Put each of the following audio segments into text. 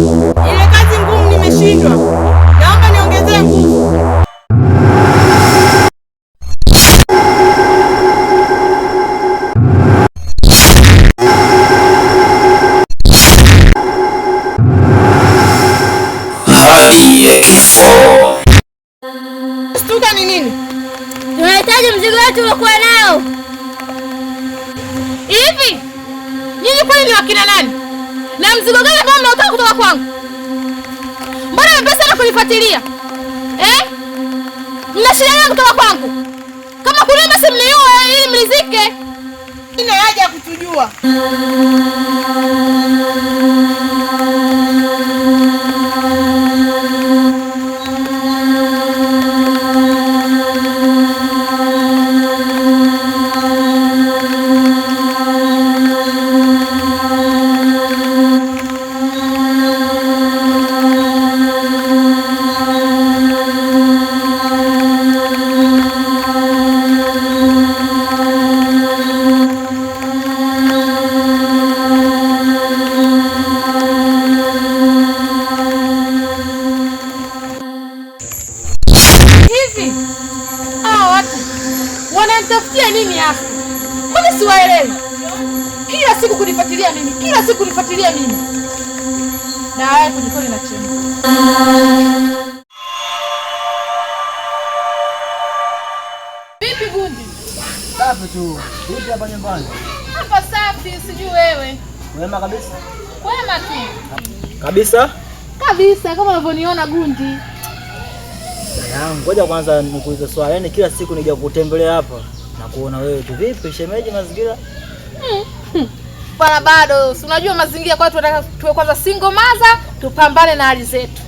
Thank you. mnanifuatilia eh? Mna shida gani kutoka kwangu? Kama kuniomba si mniue ili mlizike. Ina haja ya kutujua. wananitafutia nini hapa? Mbona siwaelewi? Kila siku kunifuatilia mimi, kila siku kunifuatilia mimi, na yako kujikoni na chembe. Vipi bundi? Safi tu. Vipi hapa nyumbani? Hapa safi, sijui wewe. Wema kabisa. Wema tu. Kabisa? Kabisa kama unavyoniona Gundi yangu. ngoja kwanza nikuulize swali. Yaani kila siku nija kukutembelea hapa na kuona wewe tu. Vipi shemeji mazingira? Bwana bado, si unajua mazingira kwa tunataka tuwe kwanza single maza, tupambane na hali zetu.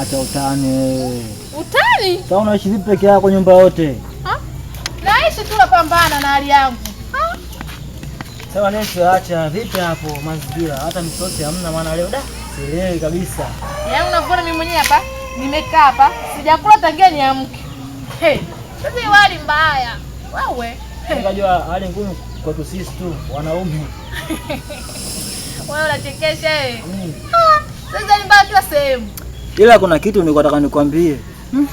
Acha utani. Utani? Sasa unaishi vipi peke yako nyumba yote? Ha? Naishi tu napambana na hali yangu. Ha? Sawa Nesi, acha vipi hapo mazingira? Hata misosi hamna maana leo da. Sielewi kabisa. Yaani unavona mimi mwenyewe hapa? nimekaa hapa sijakula tangia niamke. Hey, sasa wali mbaya wewe. Unajua hali ngumu kwa sisi tu wanaume. Wewe unachekesha eh. Mm. Ah, sasa ni mbaya kila sehemu. Ila kuna kitu nilikuwa nataka nikwambie. Hmm?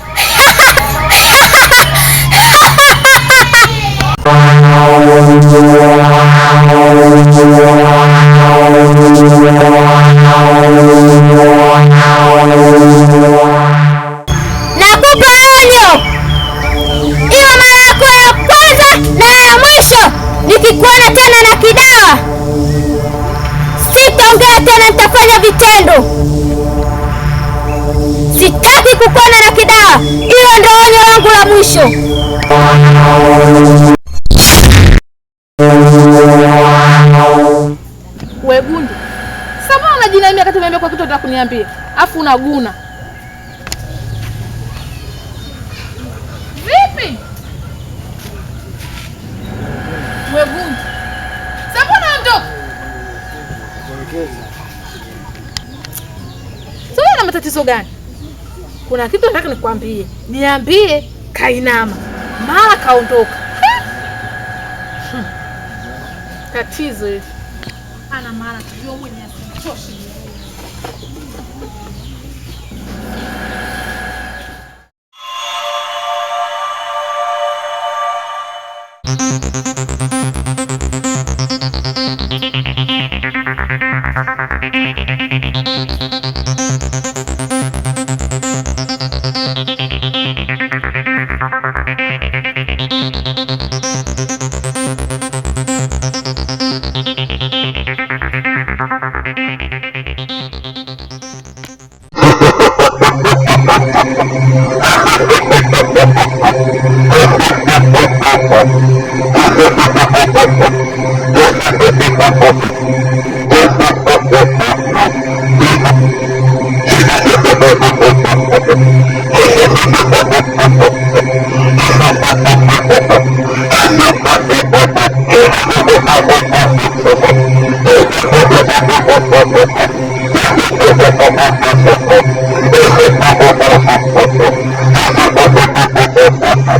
guna. vipi? Mweguni sabona ondoka sio na matatizo gani? Kuna kitu nataka nikwambie, niambie. Kainama mara kaondoka. Tatizo hili ana maana, tujue mwenye asitoshi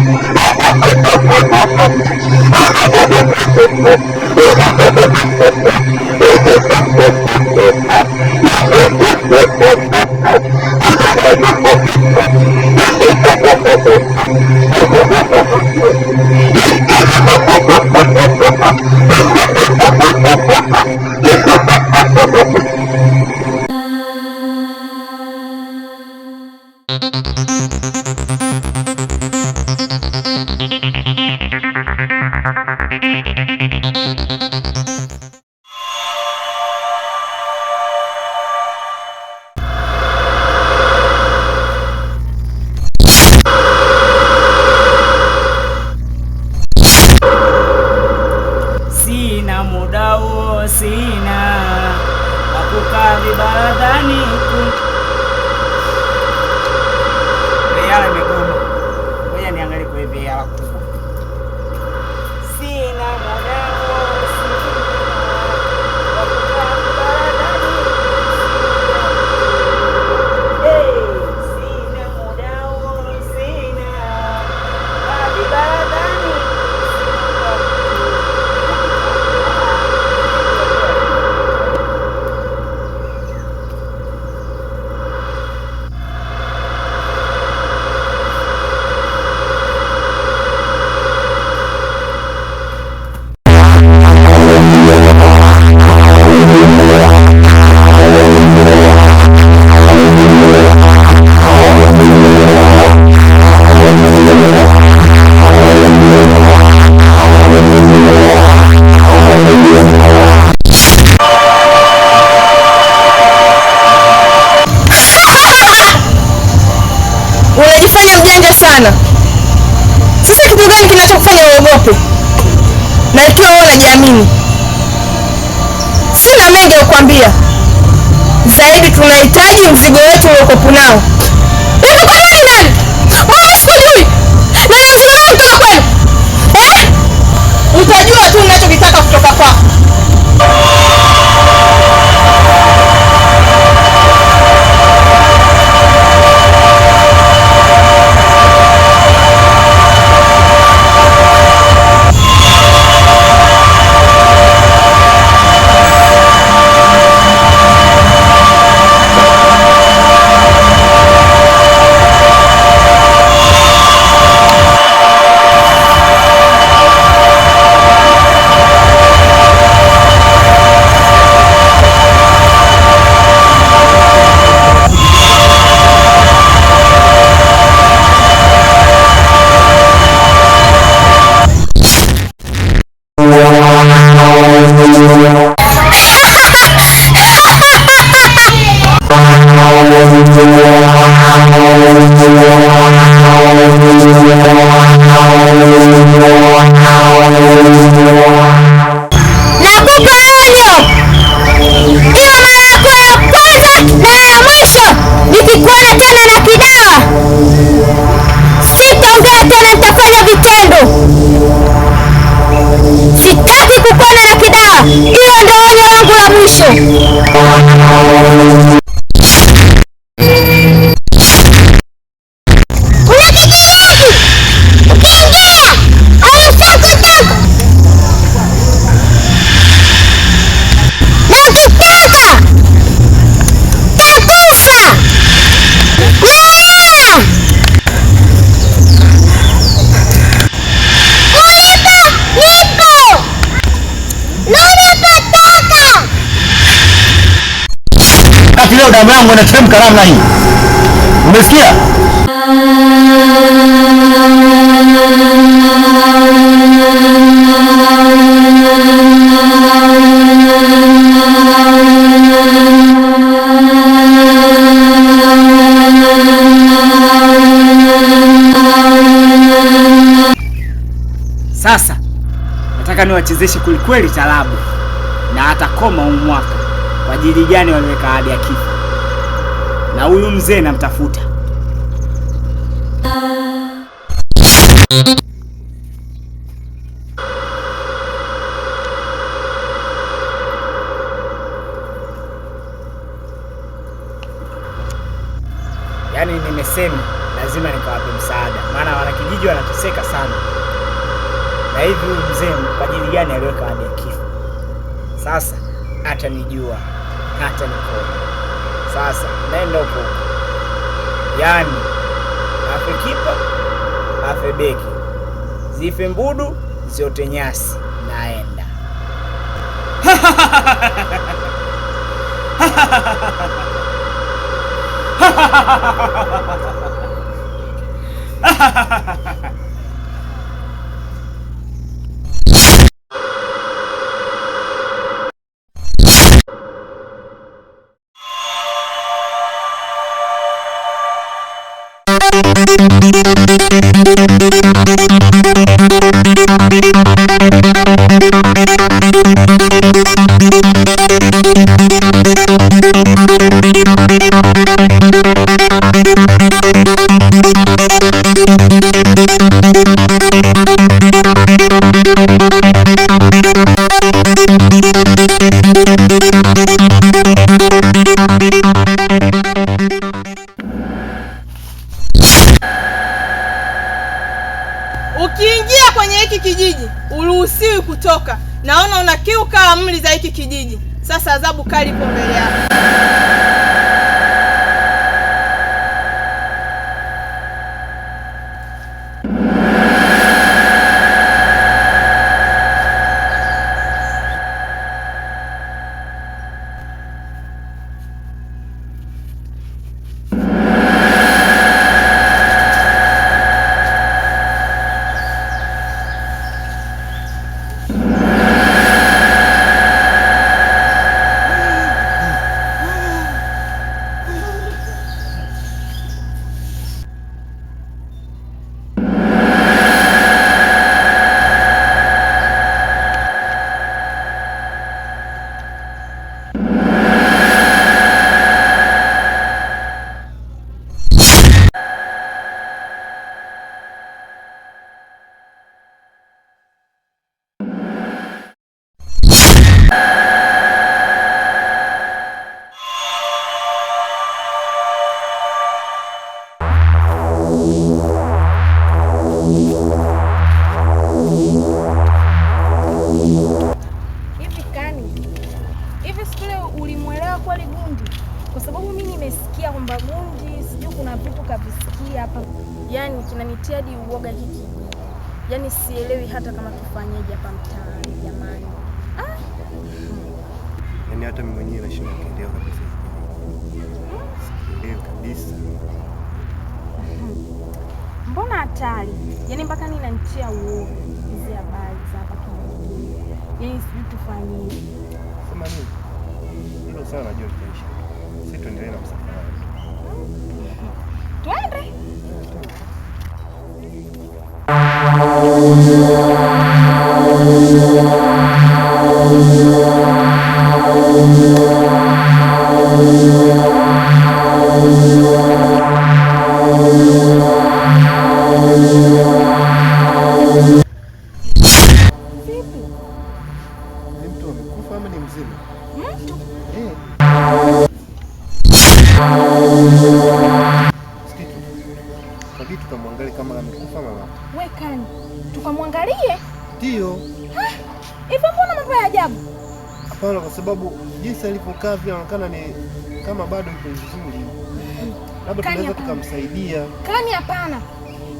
I'm Naikiwa wewe unajiamini. Sina mengi ya kukwambia zaidi, tunahitaji mzigo wetu uliokopo nao yaani eh? utajua tu unachokitaka kutoka kwako. leo damu yangu inateremka namna hii, umesikia? Sasa nataka niwachezeshe kwelikweli tarabu na koma umwaka kwa ajili gani waliweka ahadi ya kifo, na huyu mzee namtafuta. Yaani nimesema lazima nikawape msaada, maana wanakijiji wanateseka sana. Na hivi huyu mzee kwa ajili gani aliweka ahadi ya kifo? Sasa nijua hata mikono. Sasa nenda huko, yaani afe kipa afe beki, zife mbudu ziote nyasi, naenda Thank you. Ukiingia kwenye hiki kijiji uruhusiwi kutoka. Naona unakiuka amri za hiki kijiji. Sasa adhabu kali ipo mbele yako. usikile ulimwelewa kweli Gundi, kwa sababu mi nimesikia kwamba Gundi sijui kuna vitu kavisikia hapa, yani kinanitia hadi uoga hiki, yani sielewi hata kama tufanyeje hapa mtaani jamani. Ah, yani hata mimi mwenyewe nashindwa kuelewa kabisa, sielewi kabisa. Mbona hatari yani mpaka nanitia uoga hizi habari za hapa, yani sijui tufanyeje sawa, najua itaisha. Sisi tuendelee na msafara. Twende.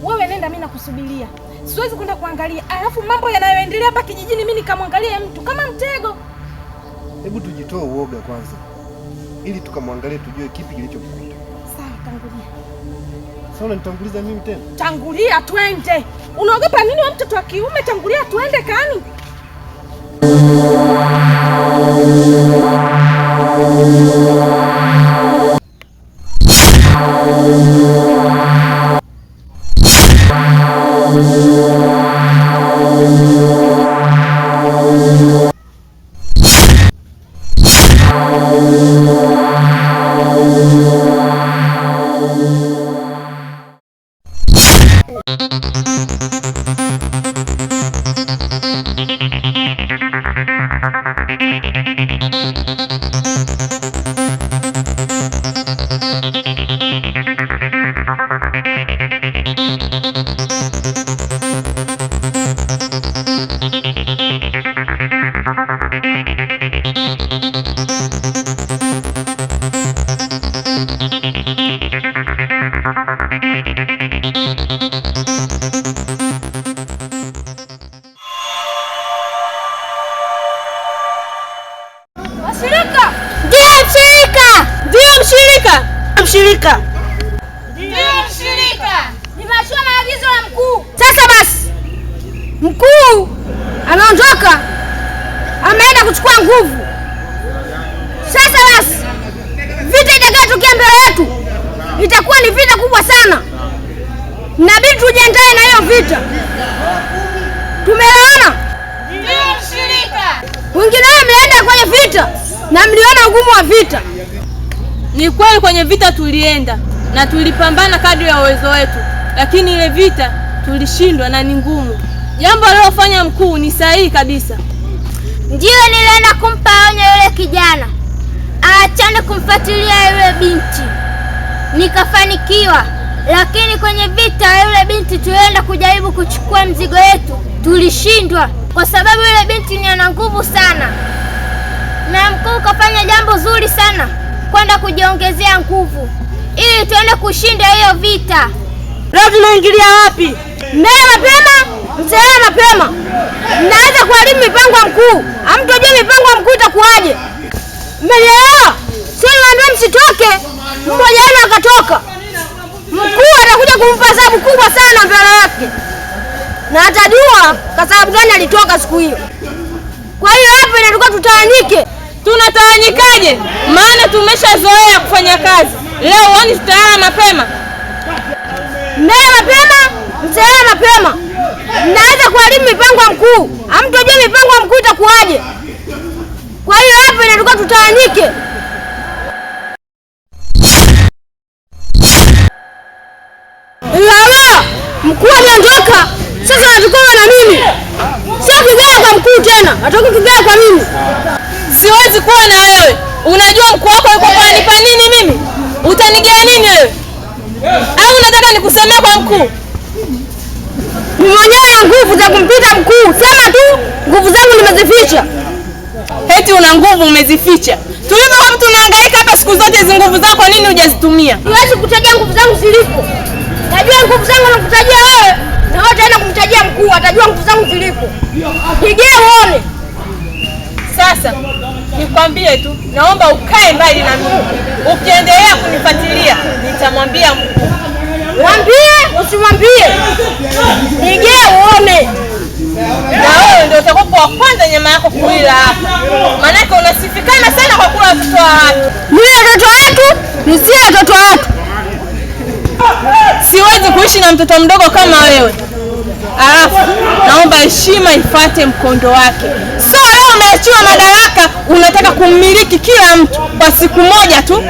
Wewe nenda, mimi nakusubiria. Siwezi kwenda kuangalia, alafu mambo yanayoendelea hapa kijijini, mimi nikamwangalia mtu kama mtego. Hebu tujitoe uoga kwanza, ili tukamwangalie, tujue kipi kilichomkuta. Sawa, tangulia. Sasa unanitanguliza mimi tena? Tangulia twende. Unaogopa nini wa mtoto wa kiume? Tangulia twende kani mshirika nimewachia maagizo ya mkuu. Sasa basi, mkuu ameondoka, ameenda kuchukua nguvu. Sasa basi, vita itakayotokea mbele yetu itakuwa ni vita kubwa sana, nabidi tujiandae na hiyo vita. Tumeelewana? Wengine wao kwenye vita na mliona ugumu wa vita. Ni kweli kwenye vita tulienda na tulipambana kadri ya uwezo wetu, lakini ile vita tulishindwa na ni ngumu. Jambo alilofanya mkuu ni sahihi kabisa. Ndiyo, nilienda kumpa onyo yule kijana aachane kumfuatilia yule binti, nikafanikiwa. Lakini kwenye vita yule binti tulienda kujaribu kuchukua mzigo wetu, tulishindwa kwa sababu yule binti ni ana nguvu sana na mkuu kafanya jambo zuri sana kwenda kujiongezea nguvu ili tuende kushinda hiyo vita. Leo tunaingilia wapi? Mbele mapema, msele mapema, mnaanza kuharibu mipango ya mkuu. Hamtojua mipango ya mkuu itakuwaje? Mmenielewa? niwaambia msitoke, mmoja wenu akatoka, mkuu atakuja kumpa adhabu kubwa sana mbele yake, na atajua kwa sababu gani alitoka siku hiyo. Kwa hiyo hapa inatakiwa tutawanyike tunatawanyikaje? Maana tumeshazoea kufanya kazi. Leo wani mtaala mapema, mbele mapema, mtaala mapema, naweza kuharibu mipango mkuu. Hamtojua mipango mkuu itakuwaje? Kwa hiyo hapa inatakiwa tutawanyike. Lala mkuu ameondoka sasa, anatoka na mimi sio kigaya kwa mkuu tena, atoki kigaya kwa mimi siwezi kuwa na wewe. Unajua mkuu wako yuko kwa nini mimi? Utanigea nini wewe? Au unataka nikusemee kwa mkuu? Mmoja na nguvu za kumpita mkuu. Sema tu nguvu zangu nimezificha. Eti una nguvu umezificha. Tulivyokuwa mtu unahangaika hapa siku zote, hizo nguvu zako nini hujazitumia? Siwezi kutajia nguvu zangu zilipo. Najua nguvu zangu nakutajia wewe, na wewe tena kumtajia mkuu, atajua nguvu zangu zilipo. Pigia uone. Sasa nikwambie tu, naomba ukae mbali na mimi. Ukiendelea kunifuatilia nitamwambia mkuu. Mwambie usimwambie, nige uone, na wewe ndio utakuwa wa kwanza nyama yako kuila hapa, maanake unasifikana sana kwa kula watoto wa watu. Mimi watoto wetu nisie watoto watu, siwezi kuishi na mtoto mdogo kama wewe. Alafu naomba heshima ifate mkondo wake. So leo umeachiwa madaraka, unataka kummiliki kila mtu kwa siku moja tu.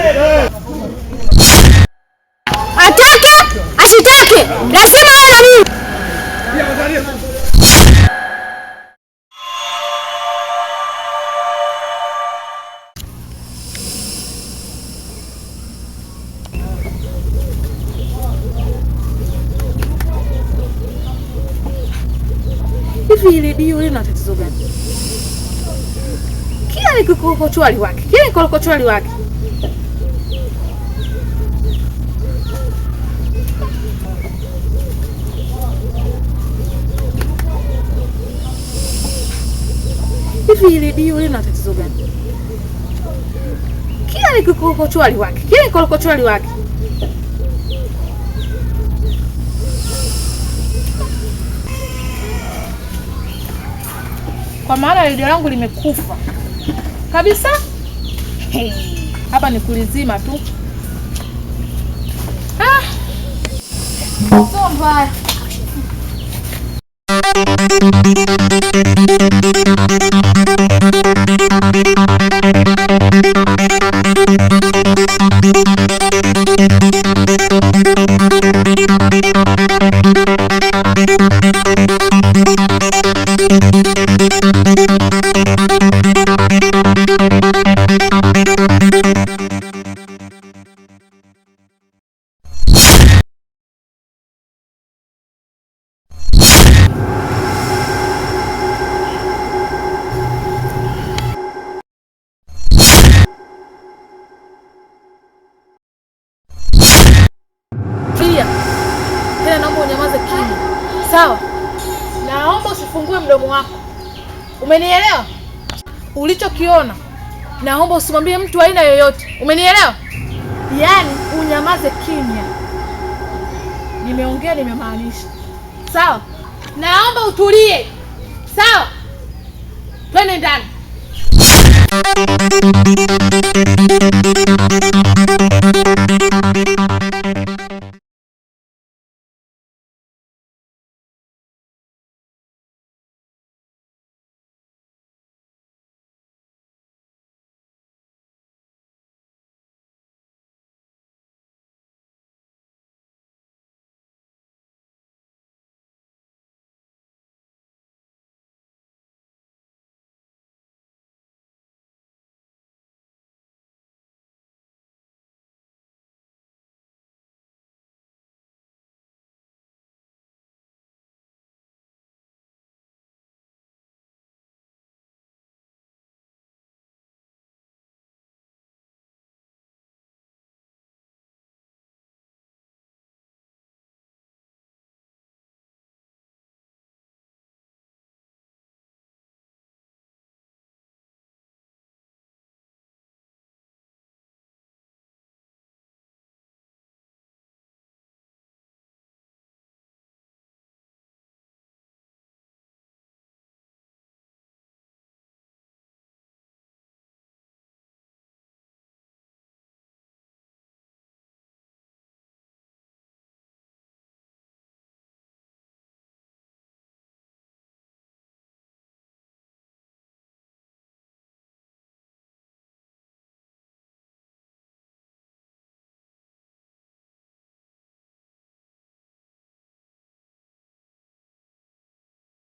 kile kikokochwali wake, kile kikokochwali wake hivi. Ile dio lina tatizo gani? Kile kikokochwali wake, kile kikokochwali wake kwa maana redio langu limekufa kabisa. Hey, hapa ni kulizima tu ah. So unyamaze kimya, sawa? Naomba usifungue mdomo wako, umenielewa? Ulichokiona naomba usimwambie mtu aina yoyote, umenielewa? Yaani unyamaze kimya. Nimeongea nimemaanisha, sawa? Naomba utulie, sawa? Twende ndani.